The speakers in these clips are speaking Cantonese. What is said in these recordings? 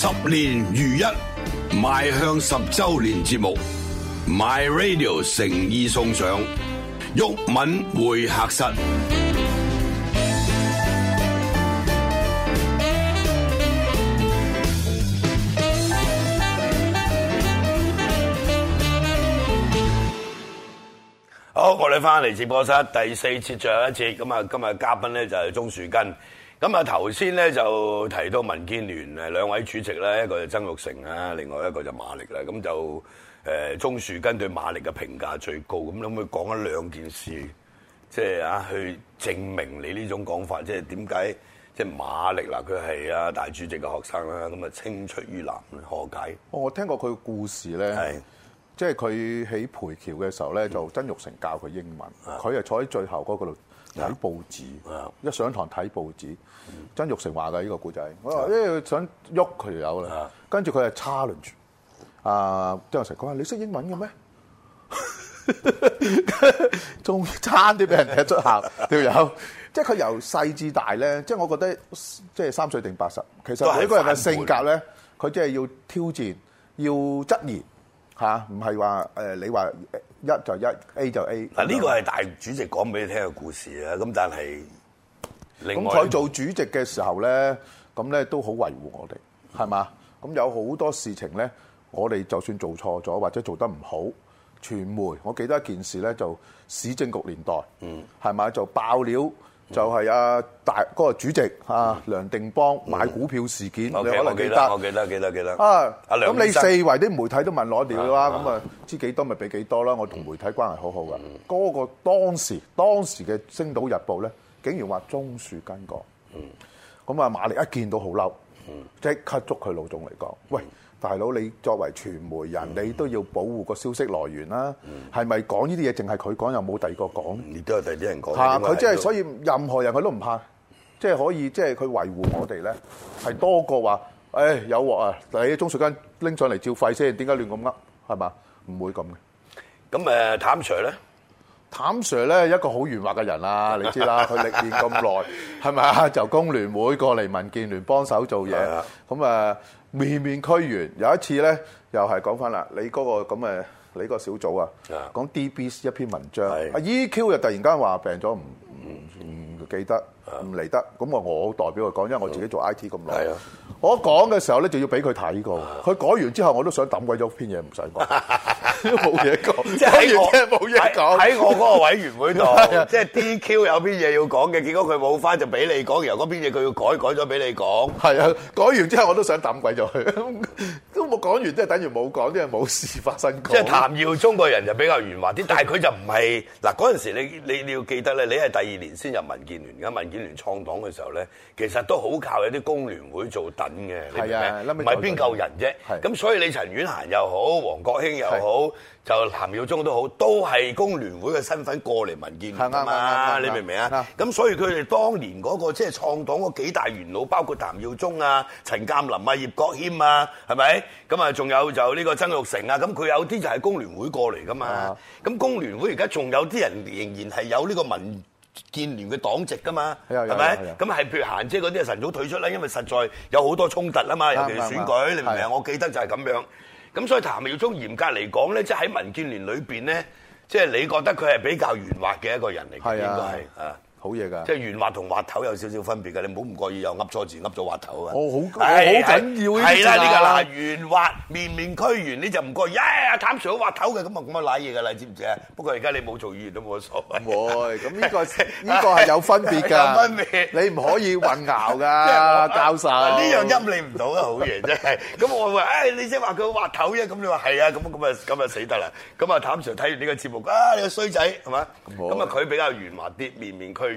十年如一，邁向十周年節目，My Radio 誠意送上毓民會客室。好，好，我哋翻嚟直播室第四次，最後一次，咁啊，今日嘉賓呢就係鍾樹根。咁啊，頭先咧就提到民建聯誒兩位主席咧，一個就曾鈺成啦，另外一個就馬力啦。咁就誒，鍾樹根對馬力嘅評價最高。咁可唔可以講一兩件事，即係啊，去證明你呢種講法，即係點解即係馬力嗱？佢係啊大主席嘅學生啦，咁啊青出於藍，何解？哦，我聽過佢嘅故事咧，係。即係佢喺培僑嘅時候咧，就曾鈺成教佢英文。佢、嗯、就坐喺最後嗰度睇報紙。嗯、一上堂睇報紙，曾、嗯、鈺成話：嘅呢個故仔、嗯，我話因為想喐佢條友啦。跟住佢係 challenge。啊，曾鈺成講話你識英文嘅咩？仲、嗯、 差啲俾人踢出校，條、嗯、友、這個嗯。即係佢由細至大咧，即、嗯、係我覺得，即係三歲定八十。其實喺一個人嘅性格咧，佢即係要挑戰，要質疑。嚇，唔係話誒，你話一就一，A 就 A。嗱，呢個係大主席講俾你聽嘅故事啊，咁但係，咁佢做主席嘅時候咧，咁咧都好維護我哋，係嘛？咁有好多事情咧，我哋就算做錯咗或者做得唔好，傳媒，我記得一件事咧，就市政局年代，嗯，係咪就爆料？就係、是、阿大嗰、那個、主席啊，梁定邦買股票事件，嗯嗯，你可能記得，我記得記得、啊、記得，記得啊，咁你四圍啲媒體都問攞料啦，咁啊，知幾多咪俾幾多啦，嗯。我同媒體關係好好噶，嗰、嗯那個當時當時嘅《星島日報》咧，竟然話鍾樹根講，咁、嗯、啊馬力一見到好嬲，即、嗯、刻捉佢老總嚟講，喂！大佬，你作為傳媒人，你都要保護個消息來源啦。係咪講呢啲嘢淨係佢講，又冇第二個講？你都係第二啲人講。吓佢即係所以任何人佢都唔怕，即係可以即係佢維護我哋咧，係多過話誒有喎，啊！你鍾樹根拎上嚟照肺，先，係點解亂咁噏？係嘛？唔會咁嘅。咁誒，譚 Sir 咧。譚 Sir 咧，一個好圓滑嘅人啦，你知啦，佢歷練咁耐，係咪啊？就工聯會過嚟民建聯幫手做嘢，咁啊，面面俱圓。有一次咧，又係講返啦，你嗰個咁誒，你個小組啊，講 DBC 一篇文章，阿 EQ 又突然間話病咗，唔唔唔記得。唔嚟得，咁我我代表佢講，因為我自己做 I T 咁耐。我講嘅時候咧，就要俾佢睇過。佢改完之後，我都想抌鬼咗篇嘢，唔想講，冇嘢講，改完即係冇嘢講。喺我嗰個委員會度，即係 D Q 有邊嘢要講嘅，結果佢冇返，就俾你講。然後嗰邊嘢佢要改，改咗俾你講。係啊，改完之後我都想抌鬼咗佢，都冇講完，即係等於冇講，即係冇事發生。即係譚耀宗個人就比較圓滑啲，但係佢就唔係嗱嗰陣時，你你你要記得咧，你係第二年先入民建聯嘅民建。聯創黨嘅時候咧，其實都好靠一啲工聯會做等嘅，唔係邊嚿人啫。咁所以你陳婉嫻又好，王國興又好，就譚耀宗都好，都係工聯會嘅身份過嚟民建聯噶嘛。你明唔明啊？咁所以佢哋當年嗰、那個即係、就是、創黨嗰幾大元老，包括譚耀宗啊、陳鑑林啊、葉國謙啊，係咪？咁啊，仲有就呢個曾鈺成啊。咁佢有啲就係工聯會過嚟噶嘛。咁工聯會而家仲有啲人仍然係有呢個民建聯嘅黨籍㗎嘛，係咪？咁係譬如嫻姐嗰啲啊，晨早退出啦，因為實在有好多衝突啊嘛，尤其是選舉，你明唔明啊？我記得就係咁樣。咁所以譚耀宗嚴格嚟講咧，即係喺民建聯裏邊咧，即係你覺得佢係比較圓滑嘅一個人嚟嘅，應該係啊。好嘢㗎，即係圓滑同滑頭有少少分別㗎，你唔好唔過意又噏錯字噏咗滑頭啊！哦，好，好、哎、緊要呢？係啦，呢、這個嗱，圓滑面面俱圓你就唔過意，誒、 哎，譚 sir 好滑頭嘅咁啊咁啊瀨嘢㗎啦，知唔知啊？ 不過而家你冇做議員都冇乜所謂。唔會，咁呢個呢 個係有分別㗎，分 別你唔可以混淆㗎， 教授。呢樣陰你唔到啊，好嘢真係。咁 我話誒、哎，你即係話佢滑頭啫，咁你話係啊，咁啊咁啊咁啊死得啦，咁啊譚 sir 睇完呢個節目啊，你個衰仔係咪？咁啊佢比較圓滑啲，面面俱。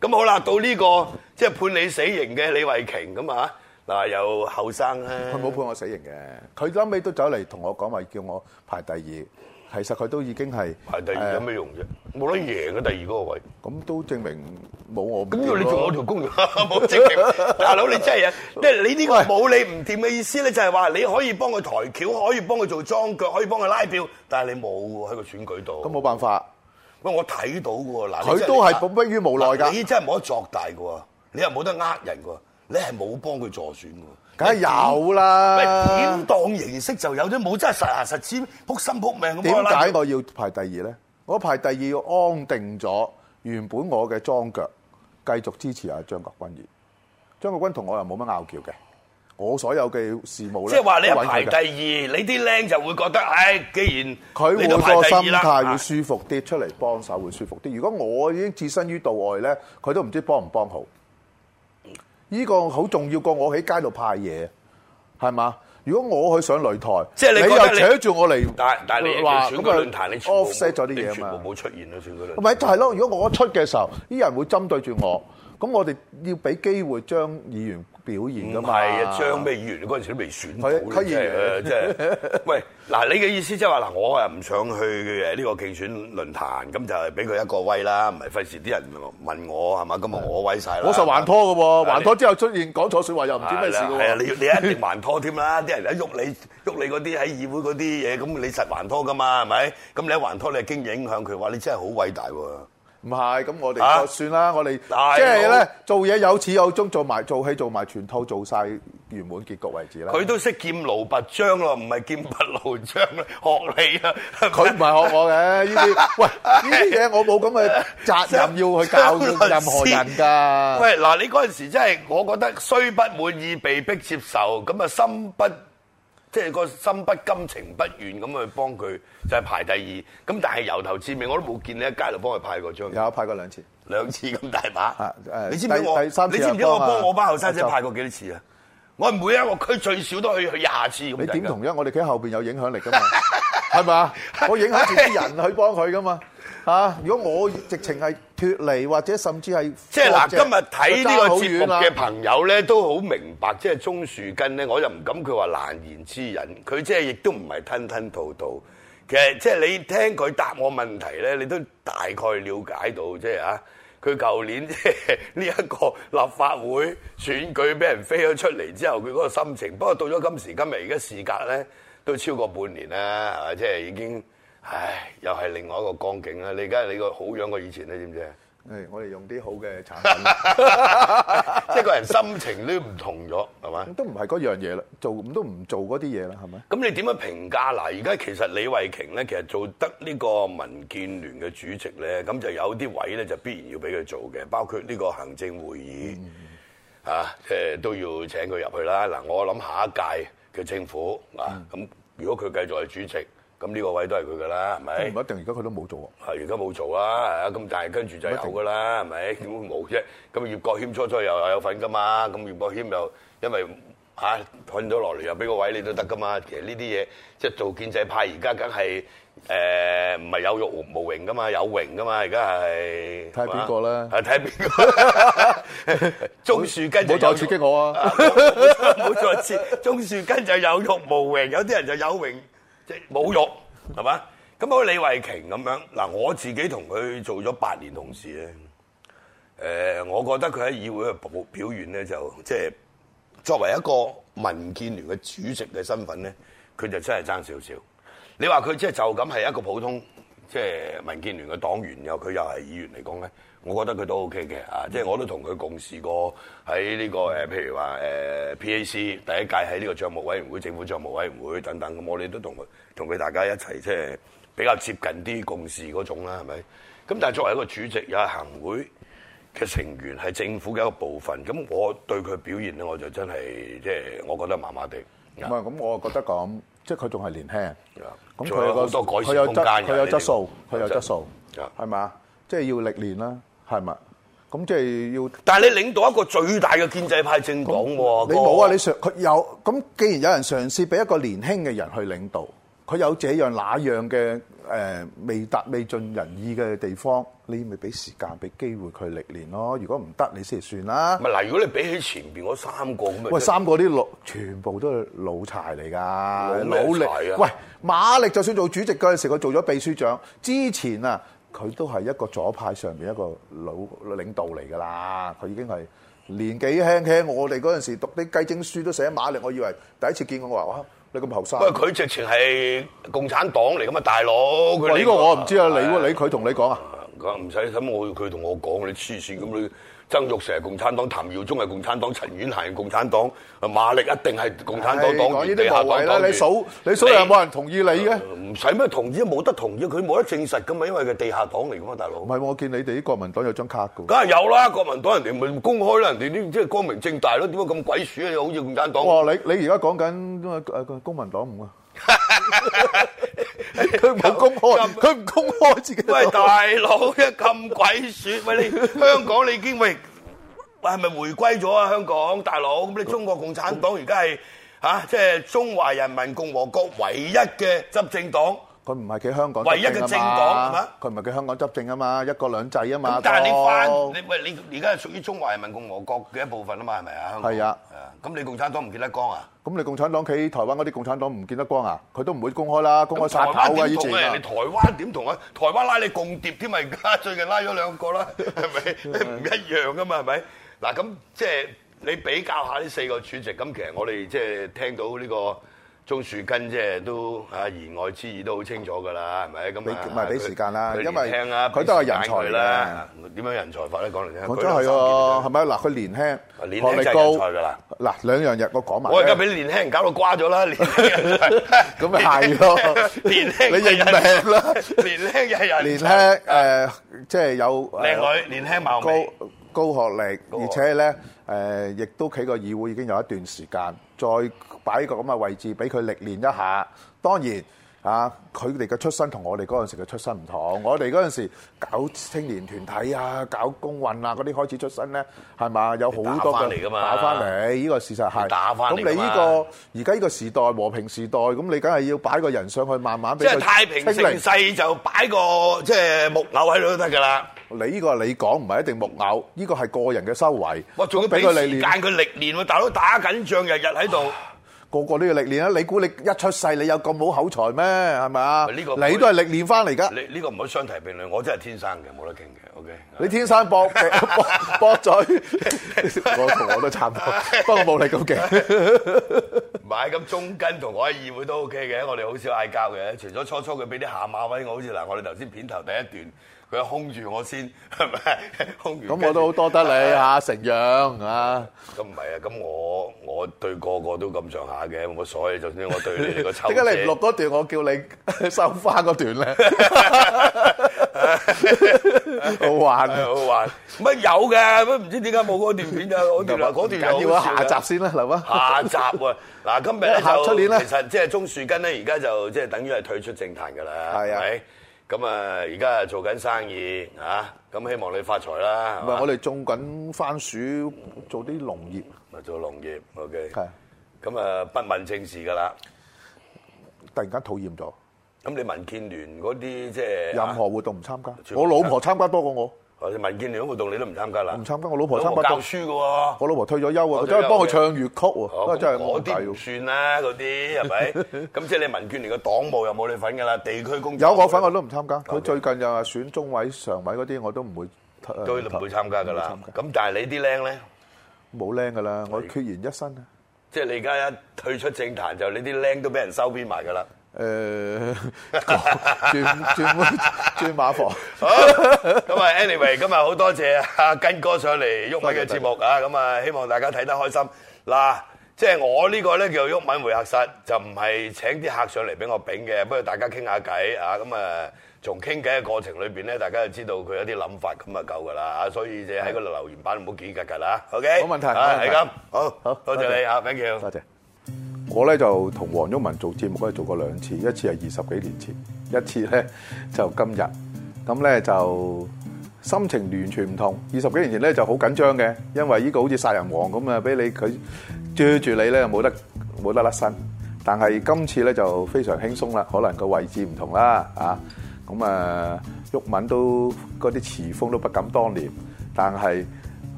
咁好啦，到呢、呢個即係判你死刑嘅李慧瓊咁啊，嗱有後生咧，佢冇判我死刑嘅，佢後尾都走嚟同我講話叫我排第二，其實佢都已經係排第二有咩用啫？冇得贏嘅第二嗰個位，咁都證明冇我。咁要你做我條公條，冇 證明。 大佬你真係，即 係你呢個冇你唔掂嘅意思咧，就係話你可以幫佢抬轎，可以幫佢做裝腳，可以幫佢拉票，但係你冇喺個選舉度，咁冇辦法。喂，我睇到嘅喎，嗱，佢都係迫於無奈㗎，你真係冇得作大嘅喎，你又冇得呃人嘅喎，你係冇幫佢助選嘅喎，梗係有啦，咩點當形式就有咗，冇真係實行實踐，撲心撲命咁講。點解我要排第二咧？我排第二要安定咗原本我嘅樁腳，繼續支持阿張國鈞而張國鈞同我又冇乜拗撬嘅。我所有嘅事務咧，即係話你係排第二，你啲僆就會覺得，唉，既然佢個心態會舒服啲，出嚟幫手會舒服啲。如果我已經置身於度外咧，佢都唔知幫唔幫好。呢個好重要過我喺街度派嘢，係嘛？如果我去上擂台，即係你又扯住我嚟，但但你話咁嘅論壇，你 off set 咗啲嘢，全部冇出現啦，全部。唔係，係咯？如果我一出嘅時候，啲人會針對住我，咁我哋要俾機會將議員。唔係，張咩議員嗰陣時都未選好咧，即係， 喂，嗱，你嘅意思即係話嗱，我係唔想去誒呢個競選論壇，咁就係俾佢一個威啦，唔係費事啲人問我係嘛，咁日我威晒，我實還拖噶喎，還拖之後出現講錯説話又唔知咩事㗎喎。你你，你， 你，你，你一定還拖添啦，啲人一喐你喐你嗰啲喺議會嗰啲嘢，咁你實還拖噶嘛，係咪？咁你一還拖，你經影響佢話你真係好偉大喎。唔係，咁我哋就算啦，啊，我哋即係咧做嘢有始有終，做埋做戲做埋全套，做晒圓滿結局為止啦。佢都識劍奴拔章咯，唔係劍拔弩張啦，學你啦，佢唔係學我嘅呢啲。喂，呢啲嘢我冇咁嘅責任要去教任何人噶。喂，嗱，你嗰陣時真係，我覺得雖不滿意，被迫接受，咁啊心不。即係個心不甘情不願咁去幫佢，就係、是、排第二。咁但係由頭至尾我都冇見你喺街度幫佢派過張。有派過兩次，兩次咁大把。啊、你知唔知我幫你知唔知我幫我班後生仔派過幾多次啊？我，我，我，我每一個區最少都去去廿次咁計。你點同樣？我哋企喺後面有影響力㗎嘛？係 嘛？我影響住啲人去幫佢㗎嘛？ 嚇！如果我直情係脫離，或者甚至係即係嗱，今日睇呢個節目嘅朋友咧，都好明白，即係鍾樹根咧，我又唔敢佢話難言之隱，佢即係亦都唔係吞吞吐吐。其實即係你聽佢答我問題咧，你都大概了解到即係啊，佢舊年即係呢一個立法會選舉俾人飛咗出嚟之後，佢嗰個心情。不過到咗今時今日，而家時隔咧都超過半年啦，即係已經。唉，又係另外一個光景啦！你而家你個好樣過以前你知唔知啊？誒，我哋用啲好嘅產品， 即係個人心情都唔同咗，係嘛？都唔係嗰樣嘢啦，做都唔做嗰啲嘢啦，係咪？咁你點樣評價嗱？而家其實李慧瓊咧，其實做得呢個民建聯嘅主席咧，咁就有啲位咧就必然要俾佢做嘅，包括呢個行政會議、嗯、啊、呃，都要請佢入去啦。嗱，我諗下一屆嘅政府、嗯、啊，咁如果佢繼續係主席。咁呢個位都係佢噶啦，係咪？唔一定，而家佢都冇做啊。係，而家冇做啊。咁但係跟住就有噶啦，係咪？點會冇啫？咁葉國謙初初又有份噶嘛？咁葉國謙又因為嚇混咗落嚟，又俾個位你都得噶嘛？其實呢啲嘢即係做建制派而家梗係誒唔係有辱無榮噶嘛，有榮噶嘛，而家係睇邊個啦？係睇邊個？鍾樹根冇再刺激我啊！冇再刺鍾樹根就有辱無榮，有啲人就有榮。係侮辱係嘛？咁好似李慧瓊咁樣嗱，我自己同佢做咗八年同事咧。誒，我覺得佢喺議會嘅表表現咧，就即係、就係、作為一個民建聯嘅主席嘅身份咧，佢就真係爭少少。你話佢即係就咁係、就係、一個普通，即、就、係、係、民建聯嘅黨員，然後佢又係議員嚟講咧。我覺得佢都 O K 嘅啊，即係我都同佢共事過喺呢、這個誒，譬如話誒、呃、P A C 第一屆喺呢個帳目委員會、政府帳目委員會等等咁，我哋都同佢同佢大家一齊即係比較接近啲共事嗰種啦，係咪？咁但係作為一個主席，有一個行會嘅成員係政府嘅一個部分，咁我對佢表現咧，我就真係即係我覺得麻麻地。唔、嗯、係，咁我就覺得講即係佢仲係年輕，咁佢有個佢有質佢有質素，佢有質素，係嘛？即係、就是、要歷練啦。係咪？咁即係要。但係你領導一個最大嘅建制派政黨喎、啊，那個、你冇啊？你嘗佢有咁，既然有人嘗試俾一個年輕嘅人去領導，佢有這樣那樣嘅誒、呃、未達未盡人意嘅地方，你咪俾時間俾機會佢歷練咯、啊。如果唔得，你先算啦、啊。咪嗱，如果你比起前邊嗰三個咁、就是、喂，三個啲老全部都係老柴嚟㗎，老力、啊。喂，馬力就算做主席嗰陣時，佢做咗秘書長之前啊。佢都係一個左派上邊一個老領導嚟㗎啦，佢已經係年紀輕輕，我哋嗰陣時讀啲雞精書都寫馬力，我以為第一次見我，我話哇，你咁後生。喂，佢直情係共產黨嚟㗎嘛，大佬。佢，呢個我唔知啊，你，你佢同你講啊。唔使，咁我佢同我講，你黐線咁。你曾鈺成係共產黨，譚耀宗係共產黨，陳婉嫻係共產黨，馬力一定係共產黨，黨。講呢啲無謂啦，你數你數有冇人同意你嘅。唔使咩？同意冇得同意，佢冇得證實噶嘛，因為佢地下黨嚟噶嘛，大佬。唔係喎，我見你哋啲國民黨有張卡噶。梗係有啦，國民黨人哋咪公開咯，人哋啲即係光明正大咯，點解咁鬼鼠啊？好似共產黨。哇你你而家講緊誒公民黨唔？啊？ 佢唔公開，佢唔公開自己喂大鬼說 喂，喂，大佬，一咁鬼説，喂，你香港你已經喂，係咪回歸咗啊？香港大佬！咁你中國共產黨而家係吓，即、啊、係、即係、中華人民共和國唯一嘅執政黨。佢唔係企香港唯一嘅政黨，佢唔係佢香港執政啊嘛，一國兩制啊嘛。咁但係你翻你喂你而家係屬於中華人民共和國嘅一部分啊嘛，係咪啊？係啊，咁你共產黨唔見得光啊？咁你共產黨企台灣嗰啲共產黨唔見得光啊？佢都唔會公開啦，公開曬嘅呢啲啊！台灣點同啊？台灣拉你共諜添啊！而家最近拉咗兩個啦，係咪？唔一樣啊嘛，係咪？嗱咁即係你比較下呢四個主席，咁其實我哋即係聽到呢個。鍾樹根即係都啊言外之意都好清楚㗎啦，係咪咁啊？俾時間啦，因為佢年輕啊，佢都係人才啦。點樣人才法咧？講嚟聽。講真係喎，係咪啊？嗱，佢年輕，學歷高。嗱，兩樣嘢我講埋。我而家俾年輕人搞到瓜咗啦，年輕人咁咪係咯。年輕人，你認命啦。年輕人又年輕誒，即係有靚女，年輕貌美。高學歷，而且呢，誒，亦都企個議會已經有一段時間，再擺個咁嘅位置俾佢歷練一下，當然。啊！佢哋嘅出身同我哋嗰陣時嘅出身唔同，我哋嗰陣時搞青年團體啊，搞工運啊，嗰啲開始出身咧，係嘛？有好多嘅打返嚟，呢個事實係。打返嚟。咁你呢個而家呢個時代和平時代，咁你梗係要擺個人上去，慢慢俾佢。即係太平盛世就擺個即係木偶喺度都得噶啦。你呢個你講唔係一定木偶，呢個係個人嘅修為。我仲要俾佢時間佢歷練喎，大佬打緊仗，日日喺度。個個都要歷練啊！你估你一出世你有咁好口才咩？係咪啊？你都係歷練翻嚟噶。呢呢、呢個唔好相提並論，我真係天生嘅，冇得傾嘅。O K。你天生駁駁嘴，我同我都差唔多，不過冇你咁勁。唔係咁鍾根同我喺議會都 O K 嘅，我哋好少嗌交嘅。除咗初初佢俾啲下馬威我，好似嗱，我哋頭先片頭第一段。佢空住我先，係咪？咁我都好多得你啊，成樣啊！咁唔係啊，咁、啊啊、我我對個個都咁上下嘅，我所以就算我對你， 你個抽，點解你唔錄段？我叫你收翻嗰段咧， 好玩啊！好玩乜 有嘅？咪唔知點解冇嗰段片 段段段啊？我段話嗰段好要下集先啦，嗱 嘛？下集喎，嗱今日就出年咧，其實即係鍾樹根咧，而家就即係等於係退出政壇㗎啦，係。咁啊，而家做緊生意吓，咁希望你發財啦。唔係，我哋種緊番薯，做啲農業。咪做農業，OK。係。咁啊，不問政事噶啦。突然間討厭咗。咁你民建聯嗰啲即係。任何活動唔參加。我老婆參加多過我。啊！民建聯嗰活動你都唔參加啦？唔參加，我老婆參加讀書㗎喎，我老婆退咗休啊，走去幫佢唱粵曲喎，嗰個真係我啲唔算啦，嗰啲係咪？咁即係你民建聯嘅黨務又冇你份㗎啦，地區工作有我份我都唔參加。佢最近又話選中委、常委嗰啲我都唔會，都唔會參加㗎啦。咁但係你啲僆咧，冇僆㗎啦，我決然一身啊！即係你而家一退出政壇，就你啲僆都俾人收編埋㗎啦。誒、呃，轉轉 轉馬房好，好咁啊！Anyway，今日好多謝阿根哥上嚟毓民嘅節目啊！咁啊，希望大家睇得開心。嗱，即、就、係、是、我呢個咧叫毓民會客室，就唔係請啲客上嚟俾我炳嘅，不過大家傾下偈啊！咁啊，從傾偈嘅過程裏邊咧，大家就知道佢有啲諗法，咁啊夠噶、啦，所以即喺個留言板唔好擠擠啦，OK？冇問題，係咁，好好，多謝、謝你啊，thank you，多謝。謝謝。我咧就同黃毓民做節目咧，做過兩次，一次係二十幾年前，一次咧就今日。咁咧就心情完全唔同。二十幾年前咧就好緊張嘅，因為呢個好似殺人王咁啊，俾你佢追住你咧，冇得冇得甩身。但係今次咧就非常輕鬆啦，可能個位置唔同啦啊。咁啊，毓民都嗰啲詞鋒都不敢當年，但係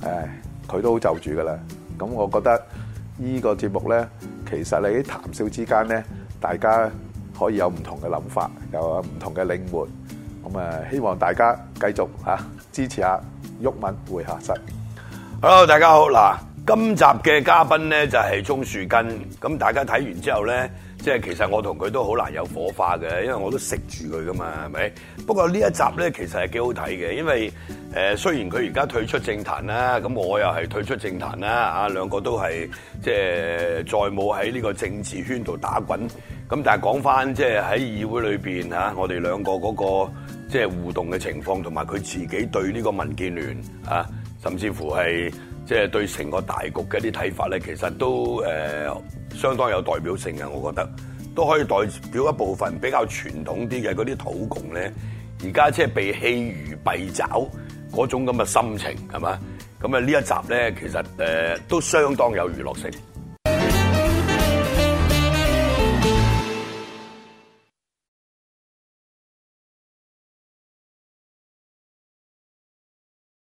誒佢都就住噶啦。咁我覺得呢個節目咧。其實你喺談笑之間咧，大家可以有唔同嘅諗法，又有唔同嘅領悟。咁啊，希望大家繼續吓支持下毓民會客室。Hello，大家好！嗱，今集嘅嘉賓咧就係鍾樹根。咁大家睇完之後咧。即係其實我同佢都好難有火花嘅，因為我都食住佢㗎嘛，係咪？不過呢一集咧，其實係幾好睇嘅，因為誒、呃、雖然佢而家退出政壇啦，咁我又係退出政壇啦，啊兩個都係即係再冇喺呢個政治圈度打滾。咁但係講返即係喺議會裏邊嚇，我哋兩個嗰、那個即係、就是、互動嘅情況，同埋佢自己對呢個民建聯啊。甚至乎係即係對成個大局嘅啲睇法咧，其實都誒、呃、相當有代表性嘅，我覺得都可以代表一部分比較傳統啲嘅嗰啲土共咧，而家即係被棄如敝屣嗰種咁嘅心情係嘛？咁啊呢一集咧，其實誒、呃、都相當有娛樂性。